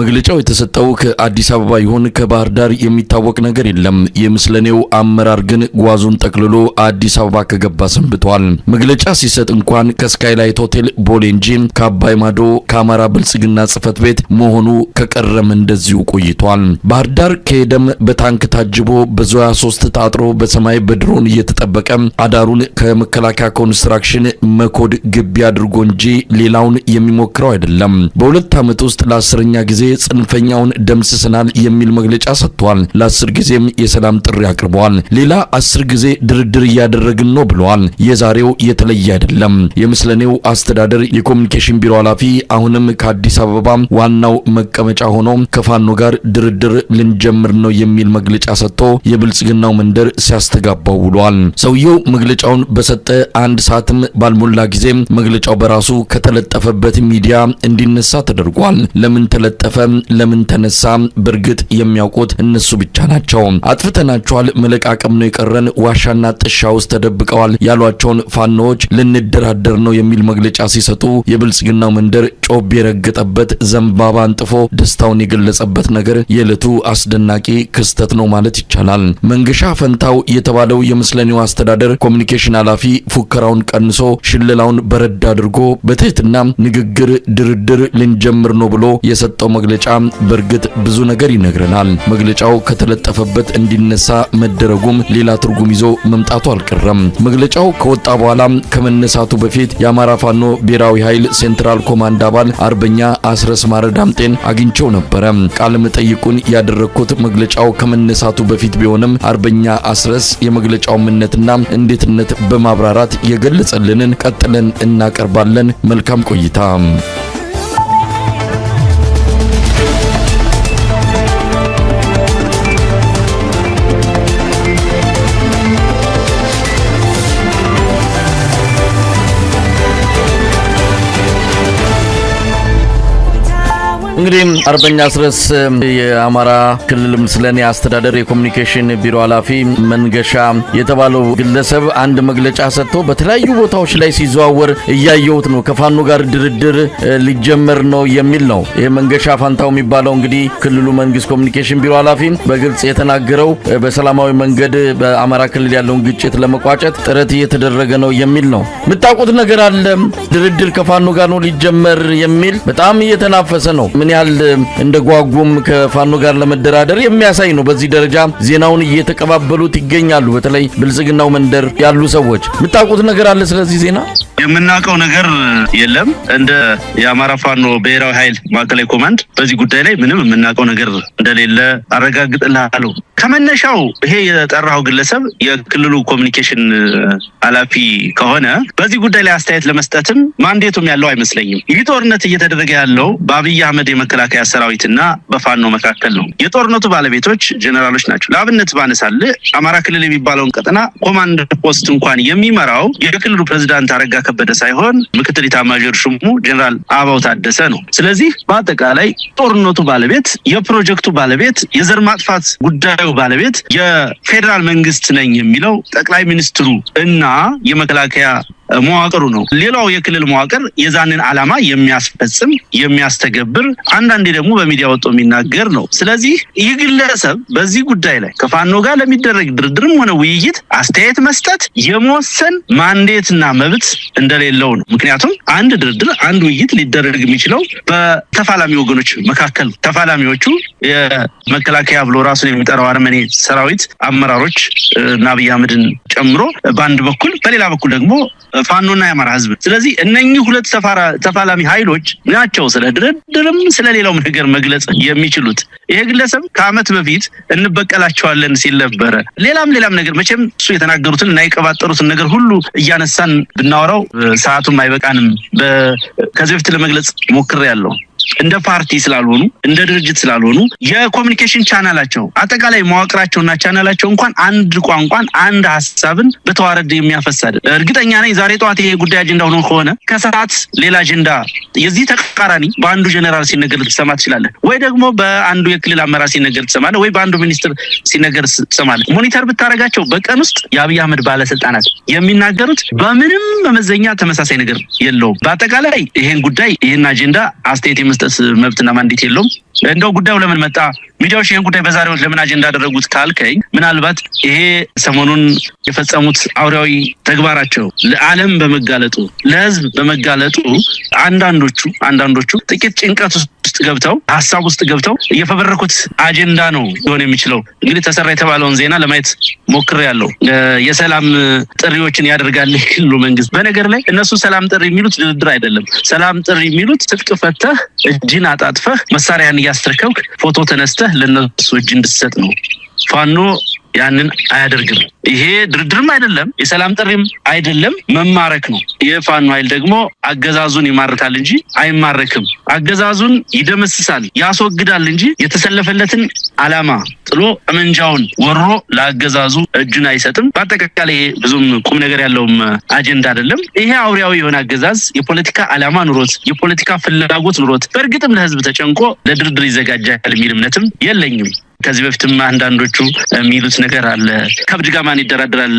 መግለጫው የተሰጠው ከአዲስ አበባ ይሁን ከባህር ዳር የሚታወቅ ነገር የለም። የምስለኔው አመራር ግን ጓዙን ጠቅልሎ አዲስ አበባ ከገባ ሰንብቷል። መግለጫ ሲሰጥ እንኳን ከስካይላይት ሆቴል ቦሌ እንጂ ከአባይ ማዶ ከአማራ ብልጽግና ጽህፈት ቤት መሆኑ ከቀረም እንደዚሁ ቆይቷል። ባህር ዳር ከሄደም በታንክ ታጅቦ በዙያ ሶስት ታጥሮ በሰማይ በድሮን እየተጠበቀ አዳሩን ከመከላከያ ኮንስትራክሽን መኮድ ግቢ አድርጎ እንጂ ሌላውን የሚሞክረው አይደለም። በሁለት ዓመት ውስጥ ለአስረኛ ጊዜ ጽንፈኛውን ደምስሰናል የሚል መግለጫ ሰጥቷል። ለአስር ጊዜም የሰላም ጥሪ አቅርበዋል። ሌላ አስር ጊዜ ድርድር እያደረግን ነው ብለዋል። የዛሬው የተለየ አይደለም። የምስለኔው አስተዳደር የኮሚኒኬሽን ቢሮ ኃላፊ አሁንም ከአዲስ አበባ ዋናው መቀመጫ ሆኖ ከፋኖ ጋር ድርድር ልንጀምር ነው የሚል መግለጫ ሰጥቶ የብልጽግናው መንደር ሲያስተጋባው ውሏል። ሰውየው መግለጫውን በሰጠ አንድ ሰዓትም ባልሞላ ጊዜ መግለጫው በራሱ ከተለጠፈበት ሚዲያ እንዲነሳ ተደርጓል። ለምን ተለጠፈ ለምን ተነሳ በእርግጥ የሚያውቁት እነሱ ብቻ ናቸው። አጥፍተናቸዋል፣ መለቃቀም ነው የቀረን፣ ዋሻና ጥሻ ውስጥ ተደብቀዋል ያሏቸውን ፋኖዎች ልንደራደር ነው የሚል መግለጫ ሲሰጡ የብልጽግናው መንደር ጮብ የረገጠበት ዘንባባ አንጥፎ ደስታውን የገለጸበት ነገር የዕለቱ አስደናቂ ክስተት ነው ማለት ይቻላል። መንገሻ ፈንታው የተባለው የምስለኔው አስተዳደር ኮሚኒኬሽን ኃላፊ ፉከራውን ቀንሶ ሽለላውን በረድ አድርጎ በትህትና ንግግር ድርድር ልንጀምር ነው ብሎ የሰጠው መግለጫ መግለጫ በእርግጥ ብዙ ነገር ይነግረናል። መግለጫው ከተለጠፈበት እንዲነሳ መደረጉም ሌላ ትርጉም ይዞ መምጣቱ አልቀረም። መግለጫው ከወጣ በኋላ ከመነሳቱ በፊት የአማራ ፋኖ ብሔራዊ ኃይል ሴንትራል ኮማንድ አባል አርበኛ አስረስ ማረ ዳምጤን አግኝቸው ነበረ። ቃለ መጠይቁን ያደረግኩት መግለጫው ከመነሳቱ በፊት ቢሆንም አርበኛ አስረስ የመግለጫው ምነትና እንዴትነት በማብራራት የገለጸልንን ቀጥለን እናቀርባለን። መልካም ቆይታ እንግዲህ አርበኛ አስረስ የአማራ ክልል ምስለኔ አስተዳደር የኮሚኒኬሽን ቢሮ ኃላፊ መንገሻ የተባለው ግለሰብ አንድ መግለጫ ሰጥቶ በተለያዩ ቦታዎች ላይ ሲዘዋወር እያየሁት ነው። ከፋኖ ጋር ድርድር ሊጀመር ነው የሚል ነው። ይህ መንገሻ ፋንታው የሚባለው እንግዲህ ክልሉ መንግስት ኮሚኒኬሽን ቢሮ ኃላፊ በግልጽ የተናገረው በሰላማዊ መንገድ በአማራ ክልል ያለውን ግጭት ለመቋጨት ጥረት እየተደረገ ነው የሚል ነው። የምታውቁት ነገር አለ። ድርድር ከፋኖ ጋር ነው ሊጀመር የሚል በጣም እየተናፈሰ ነው። ምን ያህል እንደጓጉም ከፋኖ ጋር ለመደራደር የሚያሳይ ነው። በዚህ ደረጃ ዜናውን እየተቀባበሉት ይገኛሉ። በተለይ ብልጽግናው መንደር ያሉ ሰዎች የምታውቁት ነገር አለ ስለዚህ ዜና የምናውቀው ነገር የለም። እንደ የአማራ ፋኖ ብሔራዊ ኃይል ማዕከላዊ ኮማንድ በዚህ ጉዳይ ላይ ምንም የምናውቀው ነገር እንደሌለ አረጋግጥልሃለሁ። ከመነሻው ይሄ የጠራው ግለሰብ የክልሉ ኮሚኒኬሽን ኃላፊ ከሆነ በዚህ ጉዳይ ላይ አስተያየት ለመስጠትም ማንዴቱም ያለው አይመስለኝም። ይህ ጦርነት እየተደረገ ያለው በአብይ አህመድ የመከላከያ ሰራዊትና በፋኖ መካከል ነው። የጦርነቱ ባለቤቶች ጀኔራሎች ናቸው። ለአብነት ባነሳል አማራ ክልል የሚባለውን ቀጠና ኮማንድ ፖስት እንኳን የሚመራው የክልሉ ፕሬዚዳንት አረጋ ከበደ ሳይሆን ምክትል ኢታማዦር ሹሙ ጀኔራል አበባው ታደሰ ነው። ስለዚህ በአጠቃላይ ጦርነቱ ባለቤት፣ የፕሮጀክቱ ባለቤት፣ የዘር ማጥፋት ጉዳዩ ባለቤት የፌዴራል መንግስት ነኝ የሚለው ጠቅላይ ሚኒስትሩ እና የመከላከያ መዋቅሩ ነው። ሌላው የክልል መዋቅር የዛንን ዓላማ የሚያስፈጽም የሚያስተገብር፣ አንዳንዴ ደግሞ በሚዲያ ወጥቶ የሚናገር ነው። ስለዚህ ይህ ግለሰብ በዚህ ጉዳይ ላይ ከፋኖ ጋር ለሚደረግ ድርድርም ሆነ ውይይት አስተያየት መስጠት የመወሰን ማንዴትና መብት እንደሌለው ነው። ምክንያቱም አንድ ድርድር አንድ ውይይት ሊደረግ የሚችለው በተፋላሚ ወገኖች መካከል ተፋላሚዎቹ የመከላከያ ብሎ ራሱን የሚጠራው አርመኔ ሰራዊት አመራሮች እና አብይ አህመድን ጨምሮ በአንድ በኩል በሌላ በኩል ደግሞ ፋኖና የአማራ ህዝብ። ስለዚህ እነኚህ ሁለት ተፋላሚ ኃይሎች ናቸው ስለ ድርድርም ስለሌላውም ነገር መግለጽ የሚችሉት። ይሄ ግለሰብ ከአመት በፊት እንበቀላቸዋለን ሲል ነበረ። ሌላም ሌላም ነገር መቼም እሱ የተናገሩትን እና የቀባጠሩትን ነገር ሁሉ እያነሳን ብናወራው ሰዓቱም አይበቃንም። ከዚህ በፊት ለመግለጽ ሞክሬ ያለው እንደ ፓርቲ ስላልሆኑ እንደ ድርጅት ስላልሆኑ የኮሚኒኬሽን ቻናላቸው አጠቃላይ መዋቅራቸውና ቻናላቸው እንኳን አንድ ቋንቋን አንድ ሀሳብን በተዋረድ የሚያፈሳድ እርግጠኛ ነኝ። ዛሬ ጠዋት ይሄ ጉዳይ አጀንዳ ሆኖ ከሆነ ከሰዓት ሌላ አጀንዳ የዚህ ተቃራኒ በአንዱ ጀነራል ሲነገር ልትሰማ ትችላለህ፣ ወይ ደግሞ በአንዱ የክልል አመራር ሲነገር ትሰማለህ፣ ወይ በአንዱ ሚኒስትር ሲነገር ትሰማለህ። ሞኒተር ብታደርጋቸው በቀን ውስጥ የአብይ አህመድ ባለስልጣናት የሚናገሩት በምንም መመዘኛ ተመሳሳይ ነገር የለውም። በአጠቃላይ ይሄን ጉዳይ ይህን አጀንዳ አስተያየት የመስጠት መብትና ማንዴት የለውም። እንደው ጉዳዩ ለምን መጣ፣ ሚዲያዎች ይህን ጉዳይ በዛሬው ለምን አጀንዳ ያደረጉት ካልከኝ፣ ምናልባት ይሄ ሰሞኑን የፈጸሙት አውሬያዊ ተግባራቸው ለዓለም በመጋለጡ ለሕዝብ በመጋለጡ አንዳንዶቹ አንዳንዶቹ ጥቂት ጭንቀት ውስጥ ገብተው ሀሳብ ውስጥ ገብተው እየፈበረኩት አጀንዳ ነው ሊሆን የሚችለው። እንግዲህ ተሰራ የተባለውን ዜና ለማየት ሞክሬያለሁ። የሰላም ጥሪዎችን ያደርጋል ክሉ መንግስት። በነገር ላይ እነሱ ሰላም ጥሪ የሚሉት ድርድር አይደለም። ሰላም ጥሪ የሚሉት ትጥቅ ፈተህ እጅን አጣጥፈህ መሳሪያን እያስረከብክ ፎቶ ተነስተህ ለነሱ እጅ እንድትሰጥ ነው ፋኖ ያንን አያደርግም። ይሄ ድርድርም አይደለም፣ የሰላም ጥሪም አይደለም፣ መማረክ ነው። የፋኖ ኃይል ደግሞ አገዛዙን ይማርካል እንጂ አይማረክም። አገዛዙን ይደመስሳል፣ ያስወግዳል እንጂ የተሰለፈለትን አላማ ጥሎ ጠመንጃውን ወሮ ለአገዛዙ እጁን አይሰጥም። በአጠቃላይ ይሄ ብዙም ቁም ነገር ያለውም አጀንዳ አይደለም። ይሄ አውሪያዊ የሆነ አገዛዝ የፖለቲካ አላማ ኑሮት የፖለቲካ ፍላጎት ኑሮት በእርግጥም ለህዝብ ተጨንቆ ለድርድር ይዘጋጃል የሚል እምነትም የለኝም። ከዚህ በፊትም አንዳንዶቹ የሚሉት ነገር አለ ከብድ ጋር ማን ይደራደራል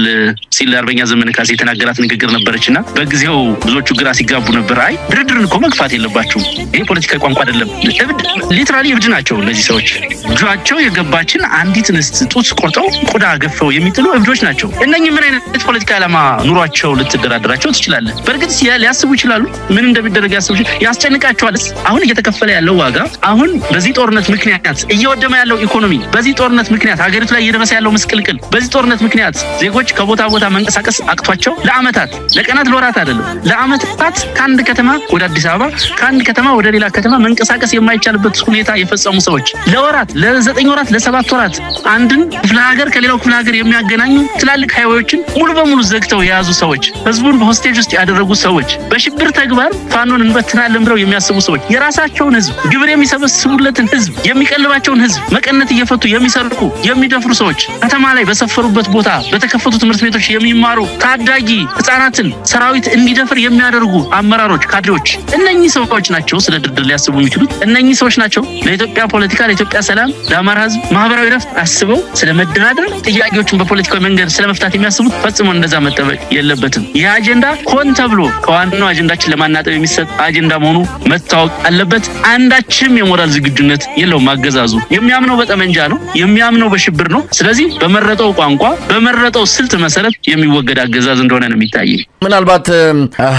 ሲል አርበኛ ዘመነ ካሴ የተናገራት ንግግር ነበረች እና በጊዜው ብዙዎቹ ግራ ሲጋቡ ነበር። አይ ድርድርን እኮ መግፋት የለባችሁም ይህ ፖለቲካ ቋንቋ አይደለም። እብድ ሊትራሊ እብድ ናቸው እነዚህ ሰዎች። እጇቸው የገባችን አንዲት እንስት ጡት ቆርጠው ቆዳ ገፈው የሚጥሉ እብዶች ናቸው። እነኚህ ምን አይነት ፖለቲካ ዓላማ ኑሯቸው ልትደራደራቸው ትችላለን? በእርግጥ ሊያስቡ ይችላሉ። ምን እንደሚደረግ ያስቡ ያስጨንቃቸዋልስ? አሁን እየተከፈለ ያለው ዋጋ አሁን በዚህ ጦርነት ምክንያት እየወደመ ያለው ኢኮኖሚ ኢኮኖሚ፣ በዚህ ጦርነት ምክንያት ሀገሪቱ ላይ እየደረሰ ያለው ምስቅልቅል፣ በዚህ ጦርነት ምክንያት ዜጎች ከቦታ ቦታ መንቀሳቀስ አቅቷቸው ለአመታት ለቀናት ለወራት አይደለም ለአመታት ከአንድ ከተማ ወደ አዲስ አበባ ከአንድ ከተማ ወደ ሌላ ከተማ መንቀሳቀስ የማይቻልበት ሁኔታ የፈጸሙ ሰዎች ለወራት ለዘጠኝ ወራት ለሰባት ወራት አንድን ክፍለ ሀገር ከሌላው ክፍለ ሀገር የሚያገናኙ ትላልቅ ሀይዎችን ሙሉ በሙሉ ዘግተው የያዙ ሰዎች፣ ህዝቡን በሆስቴጅ ውስጥ ያደረጉ ሰዎች፣ በሽብር ተግባር ፋኖን እንበትናለን ብለው የሚያስቡ ሰዎች የራሳቸውን ህዝብ ግብር የሚሰበስቡለትን ህዝብ የሚቀልባቸውን ህዝብ መቀነት እየፈቱ የሚሰርቁ የሚደፍሩ ሰዎች ከተማ ላይ በሰፈሩበት ቦታ በተከፈቱ ትምህርት ቤቶች የሚማሩ ታዳጊ ህጻናትን ሰራዊት እንዲደፍር የሚያደርጉ አመራሮች፣ ካድሬዎች እነኚህ ሰዎች ናቸው ስለ ድርድር ሊያስቡ የሚችሉት። እነኚህ ሰዎች ናቸው ለኢትዮጵያ ፖለቲካ፣ ለኢትዮጵያ ሰላም፣ ለአማራ ህዝብ ማህበራዊ ረፍት አስበው ስለ መደራደር ጥያቄዎችን በፖለቲካዊ መንገድ ስለ መፍታት የሚያስቡት። ፈጽሞ እንደዛ መጠበቅ የለበትም። ይህ አጀንዳ ሆን ተብሎ ከዋናው አጀንዳችን ለማናጠብ የሚሰጥ አጀንዳ መሆኑ መታወቅ አለበት። አንዳችም የሞራል ዝግጁነት የለውም አገዛዙ የሚያምነው በጠመ ጠመንጃ ነው፣ የሚያምነው በሽብር ነው። ስለዚህ በመረጠው ቋንቋ በመረጠው ስልት መሰረት የሚወገድ አገዛዝ እንደሆነ ነው የሚታየኝ። ምናልባት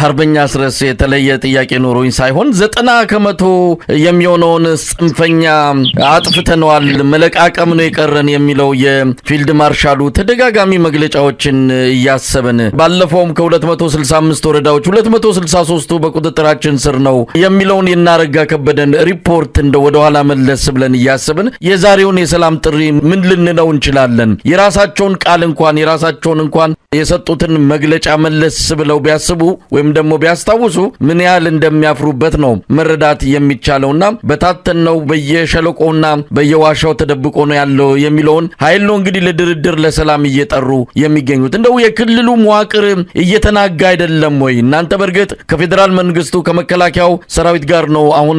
አርበኛ ስረስ የተለየ ጥያቄ ኖሮኝ ሳይሆን ዘጠና ከመቶ የሚሆነውን ጽንፈኛ አጥፍተነዋል፣ መለቃቀም ነው የቀረን የሚለው የፊልድ ማርሻሉ ተደጋጋሚ መግለጫዎችን እያሰብን ባለፈውም ከ265 ወረዳዎች 263ቱ በቁጥጥራችን ስር ነው የሚለውን የናረጋ ከበደን ሪፖርት እንደ ወደኋላ መለስ ብለን እያሰብን የዛሬውን የሰላም ጥሪ ምን ልንለው እንችላለን? የራሳቸውን ቃል እንኳን የራሳቸውን እንኳን የሰጡትን መግለጫ መለስ ብለው ቢያስቡ ወይም ደግሞ ቢያስታውሱ ምን ያህል እንደሚያፍሩበት ነው መረዳት የሚቻለውና በታተን ነው በየሸለቆውና በየዋሻው ተደብቆ ነው ያለው የሚለውን ኃይል ነው እንግዲህ ለድርድር ለሰላም እየጠሩ የሚገኙት። እንደው የክልሉ መዋቅር እየተናጋ አይደለም ወይ? እናንተ በእርግጥ ከፌዴራል መንግስቱ ከመከላከያው ሰራዊት ጋር ነው አሁን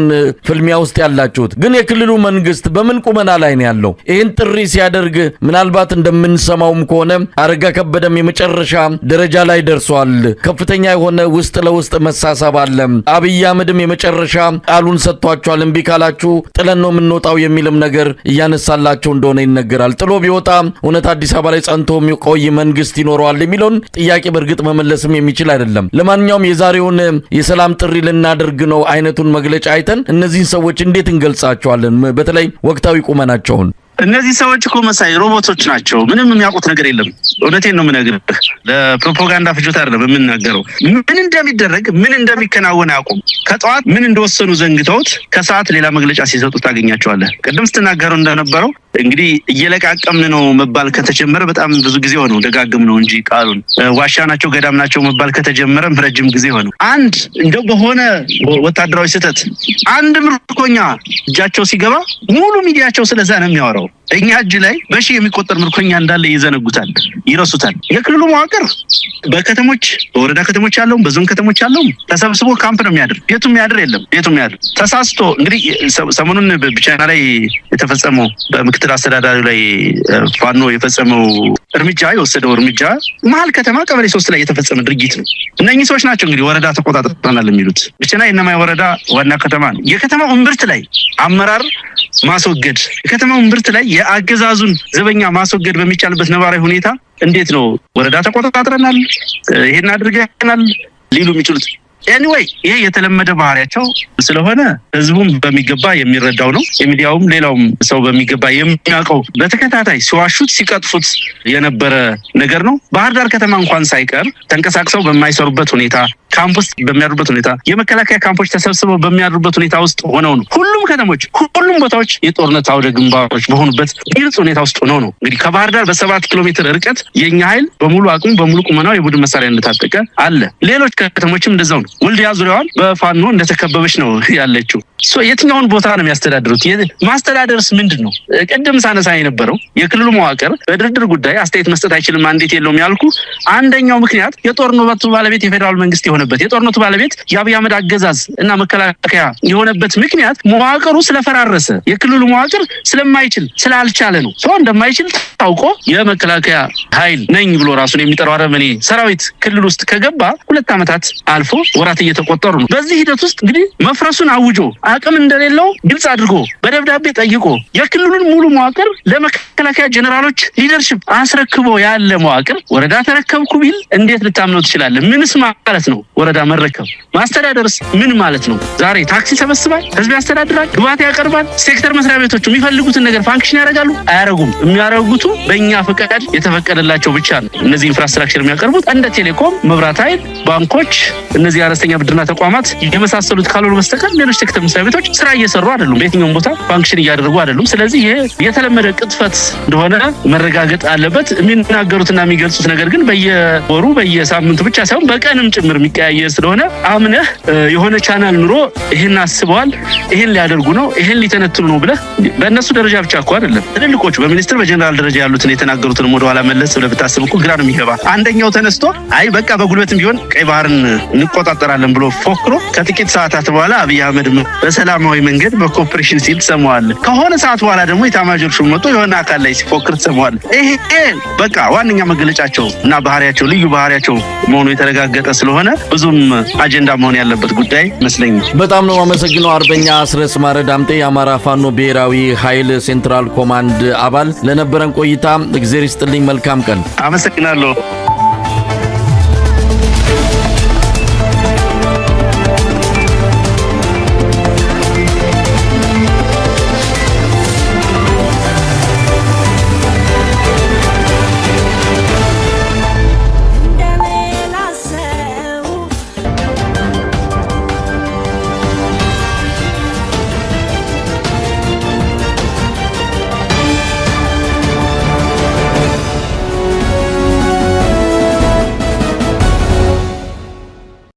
ፍልሚያ ውስጥ ያላችሁት። ግን የክልሉ መንግስት በምን ቁመና ላይ ነው ያለው? ይህን ጥሪ ሲያደርግ ምናልባት እንደምንሰማውም ከሆነ አረጋ ከበደም የመጨረሻ ደረጃ ላይ ደርሷል ከፍተኛ የሆነ ውስጥ ለውስጥ መሳሳብ አለ። አብይ አህመድም የመጨረሻ ቃሉን ሰጥቷቸዋል። እምቢ ካላችሁ ጥለን ነው የምንወጣው የሚልም ነገር እያነሳላቸው እንደሆነ ይነገራል። ጥሎ ቢወጣ እውነት አዲስ አበባ ላይ ጸንቶ የሚቆይ መንግስት ይኖረዋል የሚለውን ጥያቄ በእርግጥ መመለስም የሚችል አይደለም። ለማንኛውም የዛሬውን የሰላም ጥሪ ልናደርግ ነው አይነቱን መግለጫ አይተን እነዚህን ሰዎች እንዴት እንገልጻቸዋለን? በተለይ ወቅታዊ ቁመናቸውን እነዚህ ሰዎች እኮ መሳይ ሮቦቶች ናቸው። ምንም የሚያውቁት ነገር የለም። እውነቴን ነው የምነግርህ። ለፕሮፓጋንዳ ፍጆታ አይደለም የምናገረው። ምን እንደሚደረግ ምን እንደሚከናወን አያውቁም። ከጠዋት ምን እንደወሰኑ ዘንግተውት ከሰዓት ሌላ መግለጫ ሲሰጡ ታገኛቸዋለህ። ቅድም ስትናገረው እንደነበረው እንግዲህ እየለቃቀምን ነው መባል ከተጀመረ በጣም ብዙ ጊዜ ሆነው፣ ደጋግም ነው እንጂ ቃሉን ዋሻ ናቸው ገዳም ናቸው መባል ከተጀመረ ረጅም ጊዜ ሆነው። አንድ እንደው በሆነ ወታደራዊ ስህተት አንድ ምርኮኛ እጃቸው ሲገባ ሙሉ ሚዲያቸው ስለዛ ነው የሚያወራው morning. እኛ እጅ ላይ በሺህ የሚቆጠር ምርኮኛ እንዳለ ይዘነጉታል፣ ይረሱታል። የክልሉ መዋቅር በከተሞች በወረዳ ከተሞች ያለውም በዞን ከተሞች ያለውም ተሰብስቦ ካምፕ ነው የሚያድር። የቱ የሚያድር የለም፣ የቱ የሚያድር ተሳስቶ እንግዲህ ሰሞኑን ብቻና ላይ የተፈጸመው በምክትል አስተዳዳሪ ላይ ፋኖ የፈጸመው እርምጃ የወሰደው እርምጃ መሀል ከተማ ቀበሌ ሶስት ላይ የተፈጸመ ድርጊት ነው። እነኚህ ሰዎች ናቸው እንግዲህ ወረዳ ተቆጣጥረናል የሚሉት። ብቻና የእነማይ ወረዳ ዋና ከተማ ነው። የከተማው እምብርት ላይ አመራር ማስወገድ የከተማው እምብርት ላይ የአገዛዙን ዘበኛ ማስወገድ በሚቻልበት ነባራዊ ሁኔታ እንዴት ነው ወረዳ ተቆጣጥረናል፣ ይሄን አድርገናል ሊሉ የሚችሉት? ኤኒዌይ ይሄ የተለመደ ባህሪያቸው ስለሆነ ህዝቡም በሚገባ የሚረዳው ነው። የሚዲያውም ሌላውም ሰው በሚገባ የሚያውቀው በተከታታይ ሲዋሹት ሲቀጥፉት የነበረ ነገር ነው። ባህር ዳር ከተማ እንኳን ሳይቀር ተንቀሳቅሰው በማይሰሩበት ሁኔታ ካምፕ ውስጥ በሚያድሩበት ሁኔታ የመከላከያ ካምፖች ተሰብስበው በሚያድሩበት ሁኔታ ውስጥ ሆነው ነው። ሁሉም ከተሞች፣ ሁሉም ቦታዎች የጦርነት አውደ ግንባሮች በሆኑበት ግልጽ ሁኔታ ውስጥ ሆነው ነው። እንግዲህ ከባህር ዳር በሰባት ኪሎ ሜትር ርቀት የእኛ ኃይል በሙሉ አቅሙ በሙሉ ቁመናው የቡድን መሳሪያ እንደታጠቀ አለ። ሌሎች ከተሞችም እንደዛው ነው። ወልዲያ ዙሪያዋን በፋኖ እንደተከበበች ነው ያለችው። የትኛውን ቦታ ነው የሚያስተዳድሩት? ማስተዳደርስ ምንድን ነው? ቅድም ሳነሳ የነበረው የክልሉ መዋቅር በድርድር ጉዳይ አስተያየት መስጠት አይችልም እንዴት የለውም ያልኩ አንደኛው ምክንያት የጦርነቱ ባለቤት የፌዴራል መንግስት የሆነ የሆነበት የጦርነቱ ባለቤት የአብይ አህመድ አገዛዝ እና መከላከያ የሆነበት ምክንያት መዋቅሩ ስለፈራረሰ የክልሉ መዋቅር ስለማይችል ስላልቻለ ነው። ሰው እንደማይችል ታውቆ የመከላከያ ኃይል ነኝ ብሎ ራሱን የሚጠራው አረመኔ ሰራዊት ክልል ውስጥ ከገባ ሁለት ዓመታት አልፎ ወራት እየተቆጠሩ ነው። በዚህ ሂደት ውስጥ እንግዲህ መፍረሱን አውጆ አቅም እንደሌለው ግልጽ አድርጎ በደብዳቤ ጠይቆ የክልሉን ሙሉ መዋቅር ለመከላከያ ጀኔራሎች ሊደርሽፕ አስረክቦ ያለ መዋቅር ወረዳ ተረከብኩ ቢል እንዴት ልታምነው ትችላለህ? ምንስ ማለት ነው? ወረዳ መረከብ ማስተዳደርስ ምን ማለት ነው? ዛሬ ታክሲ ሰበስባል፣ ህዝብ ያስተዳድራል፣ ግባት ያቀርባል። ሴክተር መስሪያ ቤቶቹ የሚፈልጉትን ነገር ፋንክሽን ያደርጋሉ? አያደርጉም። የሚያደርጉቱ በእኛ ፈቃድ የተፈቀደላቸው ብቻ ነው። እነዚህ ኢንፍራስትራክቸር የሚያቀርቡት እንደ ቴሌኮም፣ መብራት ኃይል፣ ባንኮች፣ እነዚህ አነስተኛ ብድርና ተቋማት የመሳሰሉት ካልሆኑ በስተቀር ሌሎች ሴክተር መስሪያ ቤቶች ስራ እየሰሩ አይደሉም። በየትኛውም ቦታ ፋንክሽን እያደረጉ አይደሉም። ስለዚህ ይሄ የተለመደ ቅጥፈት እንደሆነ መረጋገጥ አለበት። የሚናገሩትና የሚገልጹት ነገር ግን በየወሩ በየሳምንቱ ብቻ ሳይሆን በቀንም ጭምር የሚቀ የተለያየ ስለሆነ አምነህ የሆነ ቻናል ኑሮ ይህን አስበዋል፣ ይህን ሊያደርጉ ነው፣ ይህን ሊተነትኑ ነው ብለህ በእነሱ ደረጃ ብቻ እኮ አይደለም ትልልቆቹ በሚኒስትር በጀኔራል ደረጃ ያሉትን የተናገሩትን ወደኋላ መለስ ብለህ ብታስብ እኮ ግራ ነው የሚገባ። አንደኛው ተነስቶ አይ በቃ በጉልበትም ቢሆን ቀይ ባህርን እንቆጣጠራለን ብሎ ፎክሮ ከጥቂት ሰዓታት በኋላ አብይ አህመድ በሰላማዊ መንገድ በኮፕሬሽን ሲል ትሰማዋለህ። ከሆነ ሰዓት በኋላ ደግሞ የታማጆር ሹም መጥቶ የሆነ አካል ላይ ሲፎክር ትሰማዋለህ። ይሄ በቃ ዋነኛ መገለጫቸው እና ባህሪያቸው ልዩ ባህሪያቸው መሆኑ የተረጋገጠ ስለሆነ ብዙም አጀንዳ መሆን ያለበት ጉዳይ ይመስለኛል። በጣም ነው አመሰግነው። አርበኛ አስረስ ማረ ዳምጤ የአማራ ፋኖ ብሔራዊ ኃይል ሴንትራል ኮማንድ አባል ለነበረን ቆይታ እግዜር ይስጥልኝ። መልካም ቀን። አመሰግናለሁ።